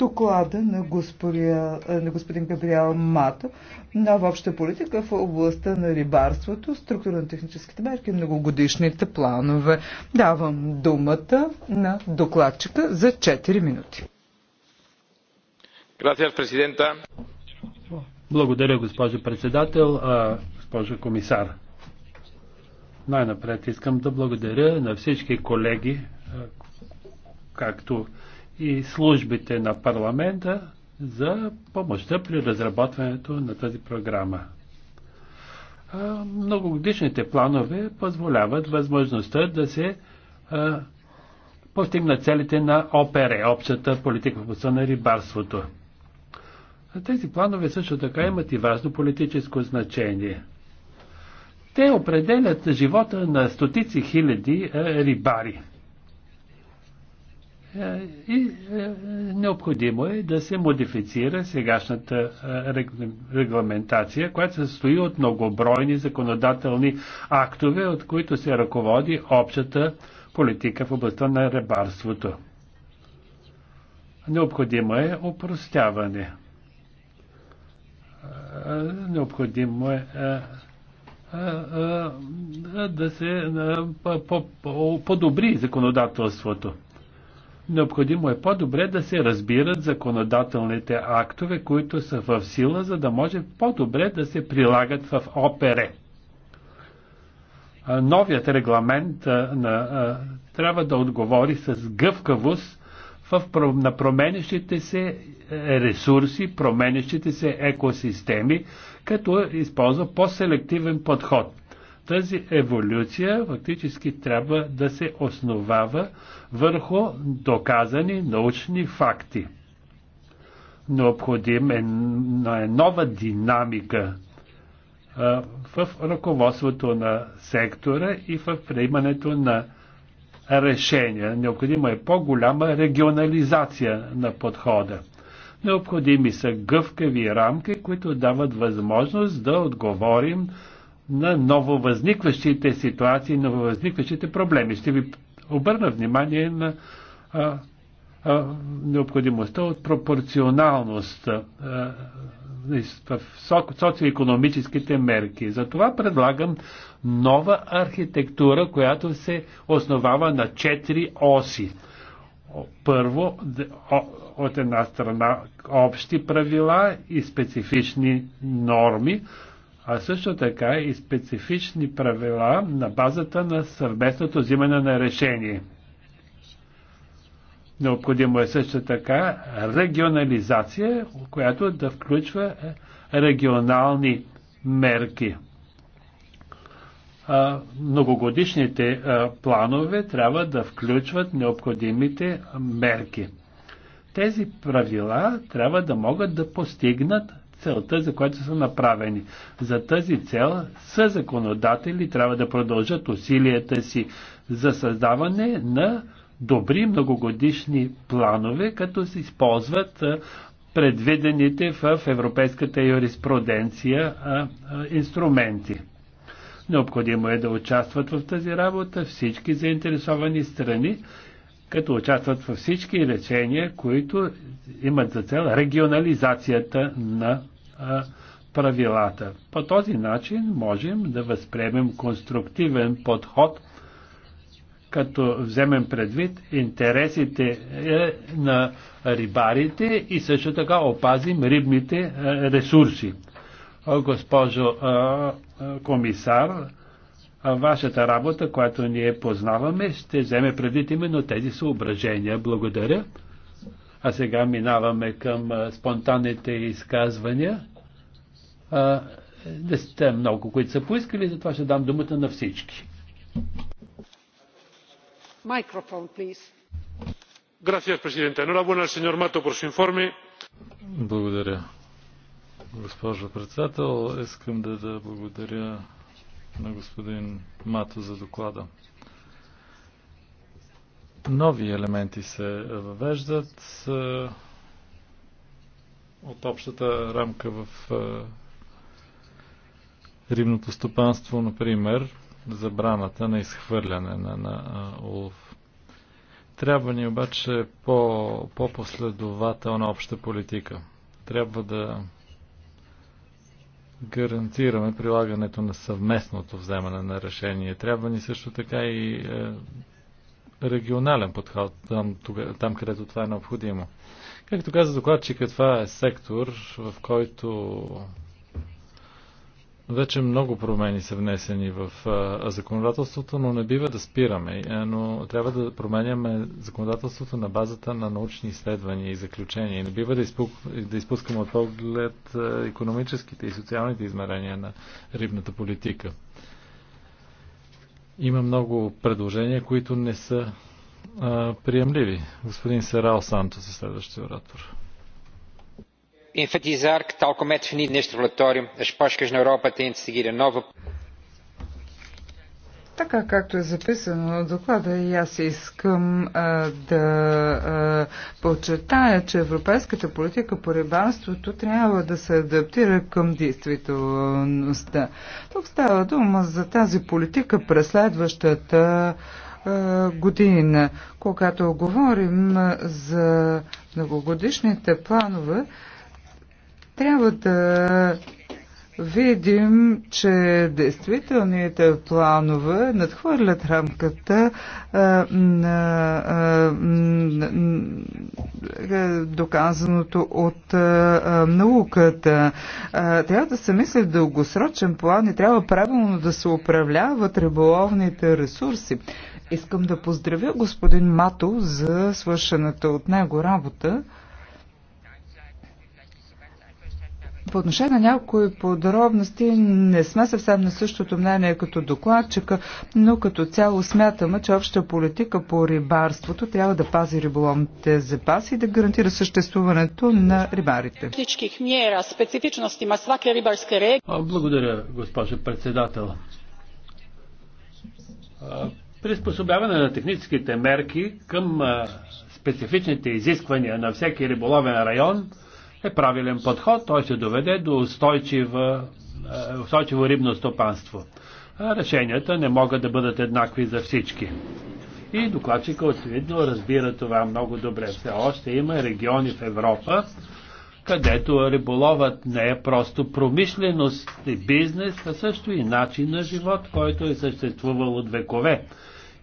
доклада на, господия, е, на господин Габриел Мата на обща политика в областта на рибарството, структурно-техническите мерки, многогодишните планове. Давам думата на докладчика за 4 минути. Благодаря, госпожо председател, госпожо комисар. Най-напред искам да благодаря на всички колеги, както и службите на парламента за помощта при разработването на тази програма. Многогодишните планове позволяват възможността да се постигнат целите на ОПР, общата политика в областта на рибарството. Тези планове също така имат и важно политическо значение. Те определят живота на стотици хиляди рибари – е, и е, необходимо е да се модифицира сегашната е, регламентация, която се състои от многобройни законодателни актове, от които се ръководи общата политика в областта на ребарството. Необходимо е опростяване. Необходимо е да се подобри законодателството. Необходимо е по-добре да се разбират законодателните актове, които са в сила, за да може по-добре да се прилагат в ОПР. Новият регламент на, трябва да отговори с гъвкавост в, на променящите се е, ресурси, променящите се екосистеми, като използва по-селективен подход тази еволюция фактически трябва да се основава върху доказани научни факти. Необходим е, е нова динамика в ръководството на сектора и в приемането на решения. Необходима е по-голяма регионализация на подхода. Необходими са гъвкави рамки, които дават възможност да отговорим на нововъзникващите ситуации, нововъзникващите проблеми. Ще ви обърна внимание на а, а, необходимостта от пропорционалност а, в социоекономическите мерки. Затова предлагам нова архитектура, която се основава на четири оси. Първо, от една страна общи правила и специфични норми, а също така и специфични правила на базата на съвместното взимане на решение. Необходимо е също така регионализация, която да включва е, регионални мерки. Многогодишните планове трябва да включват необходимите мерки. Тези правила трябва да могат да постигнат целта, за която са направени. За тази цел са законодатели трябва да продължат усилията си за създаване на добри многогодишни планове, като се използват предвидените в европейската юриспруденция инструменти. Необходимо е да участват в тази работа всички заинтересовани страни, като участват във всички решения, които имат за цел регионализацията на правилата. По този начин можем да възприемем конструктивен подход, като вземем предвид интересите е, на рибарите и също така опазим рибните е, ресурси. Госпожо комисар, вашата работа, която ние познаваме, ще вземе предвид именно тези съображения. Благодаря. А сега минаваме към спонтанните изказвания да Десетте е много, които са поискали, затова ще дам думата на всички. Микрофон, Благодаря. Госпожо председател, искам да, да благодаря на господин Мато за доклада. Нови елементи се въвеждат от общата рамка в рибното стопанство, например, забраната на изхвърляне на, на улов. Трябва ни обаче по, по-последователна обща политика. Трябва да гарантираме прилагането на съвместното вземане на решение. Трябва ни също така и е, регионален подход там, тога, там, където това е необходимо. Както каза докладчика, това е сектор, в който вече много промени са внесени в законодателството, но не бива да спираме. Но трябва да променяме законодателството на базата на научни изследвания и заключения. Не бива да, изпук, да изпускаме от поглед економическите и социалните измерения на рибната политика. Има много предложения, които не са а, приемливи. Господин Серал Санто е следващия оратор enfatizar que tal como é definido neste relatório as poscas na Europa têm de seguir a nova така както е записано в доклада и аз искам а, да а, подчертая, че европейската политика по рибарството трябва да се адаптира към действителността. Тук става дума за тази политика през следващата а, година. Когато говорим за многогодишните планове, трябва да видим, че действителните планове надхвърлят рамката на, е, доказаното от науката. трябва да се мисли в дългосрочен план и трябва правилно да се управляват риболовните ресурси. Искам да поздравя господин Мато за свършената от него работа. По отношение на някои подробности не сме съвсем на същото мнение като докладчика, но като цяло смятаме, че обща политика по рибарството трябва да пази риболовните запаси и да гарантира съществуването на рибарите. Благодаря, госпожа председател. Приспособяване на техническите мерки към специфичните изисквания на всеки риболовен район – е правилен подход. Той ще доведе до устойчиво, е, устойчиво рибно стопанство. Решенията не могат да бъдат еднакви за всички. И докладчика очевидно разбира това много добре. Все още има региони в Европа, където риболовът не е просто промишленост и бизнес, а също и начин на живот, който е съществувал от векове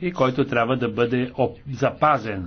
и който трябва да бъде запазен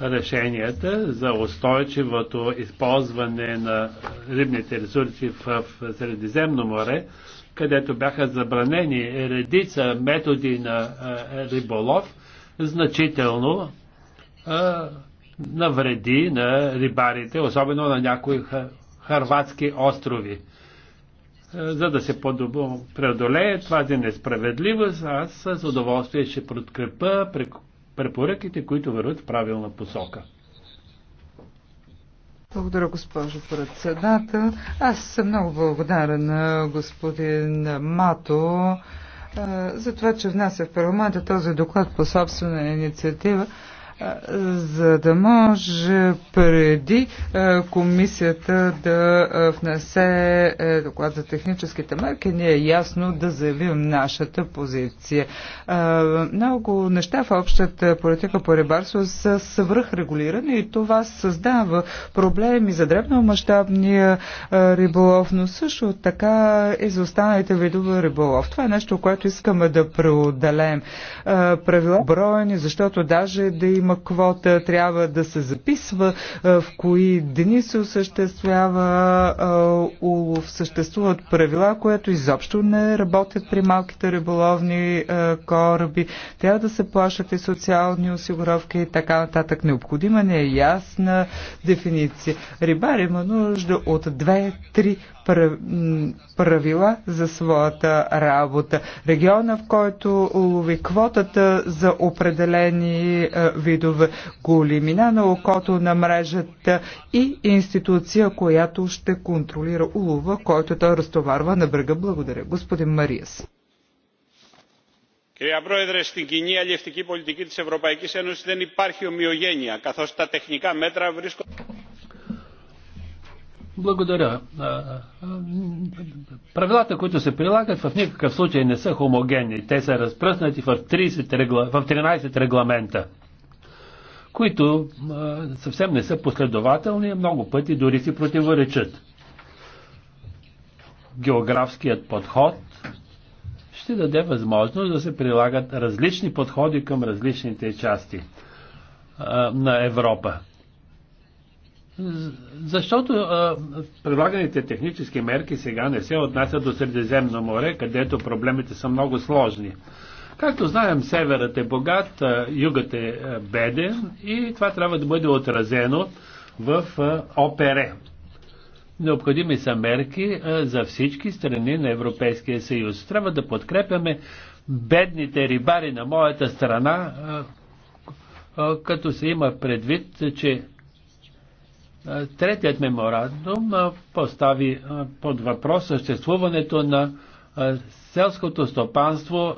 решенията за устойчивото използване на рибните ресурси в Средиземно море, където бяха забранени редица методи на риболов, значително навреди на рибарите, особено на някои харватски острови. За да се преодолее тази несправедливост, аз с удоволствие ще подкрепа препоръките, които върват в правилна посока. Благодаря, госпожо председател. Аз съм много благодарен на господин Мато за това, че внася в парламента този доклад по собствена инициатива за да може преди комисията да внесе е, доклад за техническите мерки, ние е ясно да заявим нашата позиция. Много неща в общата политика по рибарство са свръхрегулирани и това създава проблеми за дребномащабния риболов, но също така и за останалите видове риболов. Това е нещо, което искаме да преодолеем. Правила броени, защото даже да има има квота, трябва да се записва в кои дни се осъществява улов. Съществуват правила, което изобщо не работят при малките риболовни кораби. Трябва да се плащат и социални осигуровки и така нататък. Необходима не е ясна дефиниция. Рибар има нужда от две-три правила за своята работа. Региона, в който лови квотата за определени видове видове, големина на окото на мрежата и институция, която ще контролира улова, който той разтоварва на брега. Благодаря. Господин Мариас. Κυρία Πρόεδρε, στην κοινή αλληλευτική πολιτική της Ευρωπαϊκής Ένωσης δεν υπάρχει ομοιογένεια, καθώς τα τεχνικά μέτρα βρίσκονται... Благодаря. Правилата, които се прилагат, в никакъв случай не са хомогенни. Те са разпръснати в, 30 регла... в 13 регламента които съвсем не са последователни, много пъти дори си противоречат. Географският подход ще даде възможност да се прилагат различни подходи към различните части на Европа. Защото а, предлаганите технически мерки сега не се отнасят до Средиземно море, където проблемите са много сложни. Както знаем, северът е богат, югът е беден и това трябва да бъде отразено в ОПР. Необходими са мерки за всички страни на Европейския съюз. Трябва да подкрепяме бедните рибари на моята страна, като се има предвид, че третият меморандум постави под въпрос съществуването на селското стопанство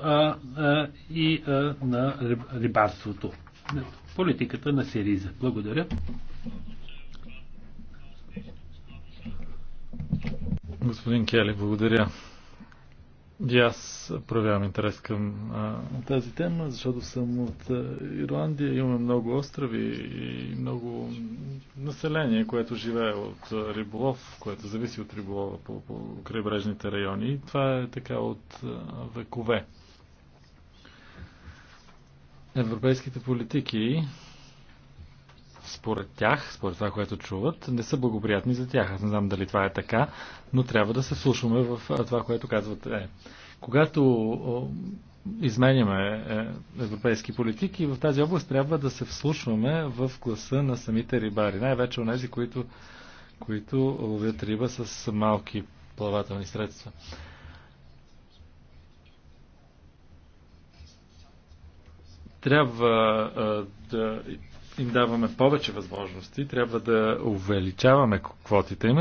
и на рибарството. Политиката на Сириза. Благодаря. Господин Кели, благодаря. И аз проявявам интерес към а, тази тема, защото съм от а, Ирландия, имаме много острови и много население, което живее от а, риболов, което зависи от риболова по, по крайбрежните райони. И това е така от а, векове. Европейските политики според тях, според това, което чуват, не са благоприятни за тях. Аз не знам дали това е така, но трябва да се слушаме в това, което казват. Е, когато изменяме е, европейски политики, в тази област трябва да се вслушваме в гласа на самите рибари. Най-вече нези, които, които ловят риба с малки плавателни средства. трябва а, да им даваме повече възможности, трябва да увеличаваме квотите им.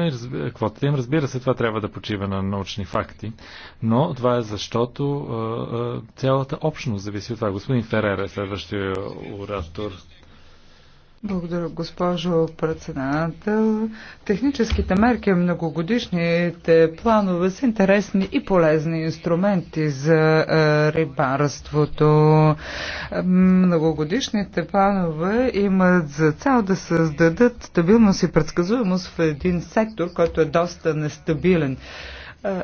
Квотите им, разбира се, това трябва да почива на научни факти, но това е защото цялата общност зависи от това. Господин Ферер е следващия оратор. Благодаря, госпожо председател. Техническите мерки, многогодишните планове са интересни и полезни инструменти за е, рибарството. Многогодишните планове имат за цел да създадат стабилност и предсказуемост в един сектор, който е доста нестабилен е,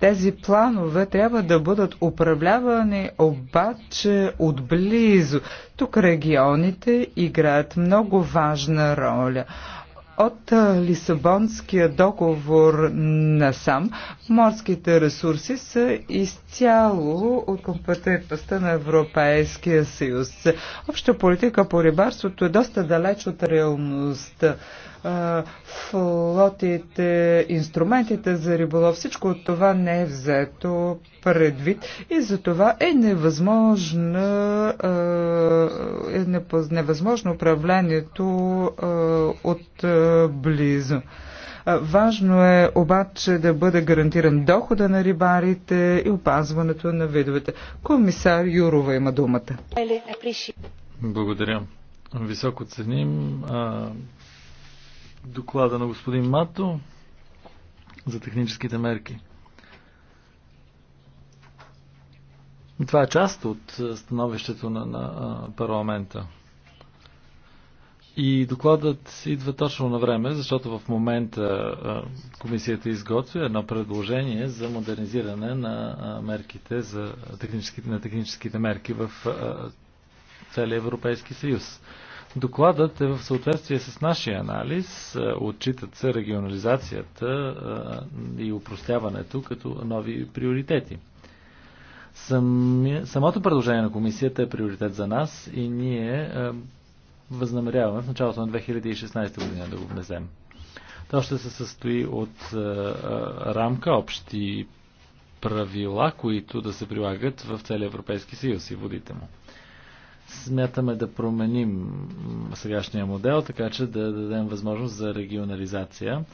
тези планове трябва да бъдат управлявани обаче отблизо. Тук регионите играят много важна роля от Лисабонския договор насам, морските ресурси са изцяло от компетентността на Европейския съюз. Обща политика по рибарството е доста далеч от реалността флотите, инструментите за риболов, всичко от това не е взето предвид и за това е невъзможно, е невъзможно управлението от близо. Важно е обаче да бъде гарантиран дохода на рибарите и опазването на видовете. Комисар Юрова има думата. Благодаря. Високо ценим доклада на господин Мато за техническите мерки. Това е част от становището на, на парламента. И докладът идва точно на време, защото в момента комисията изготвя едно предложение за модернизиране на мерките за техническите, на техническите мерки в целия Европейски съюз. Докладът е в съответствие с нашия анализ. Е, отчитат се регионализацията е, и упростяването като нови приоритети. самото предложение на комисията е приоритет за нас и ние е, възнамеряваме в началото на 2016 година да го внесем. То ще се състои от рамка, общи правила, които да се прилагат в целия Европейски съюз и водите му. Смятаме да променим сегашния модел, така че да дадем възможност за регионализация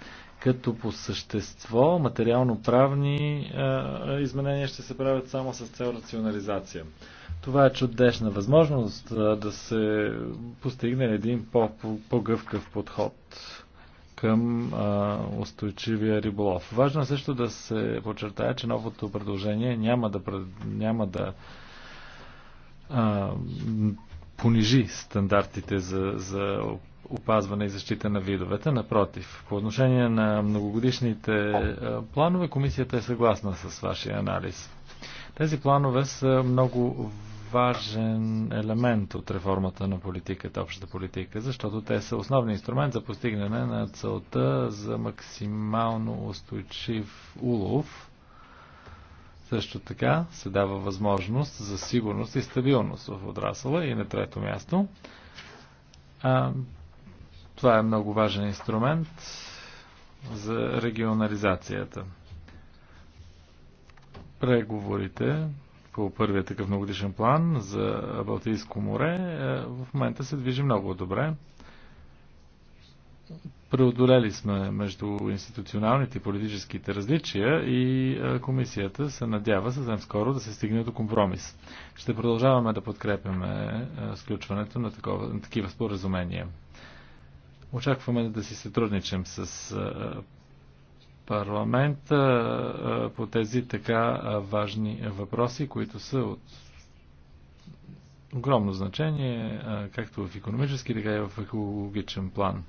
като по същество материално-правни е, изменения ще се правят само с цел рационализация. Това е чудесна възможност да се постигне един по-гъвкав -по -по подход към а, устойчивия риболов. Важно е също да се подчертая, че новото предложение няма да, няма да а, понижи стандартите за, за опазване и защита на видовете. Напротив, по отношение на многогодишните планове, комисията е съгласна с вашия анализ. Тези планове са много важен елемент от реформата на политиката, общата политика, защото те са основни инструмент за постигане на целта за максимално устойчив улов също така се дава възможност за сигурност и стабилност в отрасъла и на трето място. А, това е много важен инструмент за регионализацията. Преговорите по първия такъв многодишен план за Балтийско море е, в момента се движи много добре. Преодолели сме между институционалните и политическите различия и комисията се надява съвсем скоро да се стигне до компромис. Ще продължаваме да подкрепяме сключването на, такова, на такива споразумения. Очакваме да си сътрудничим с парламента по тези така важни въпроси, които са от огромно значение, както в економически, така и в екологичен план.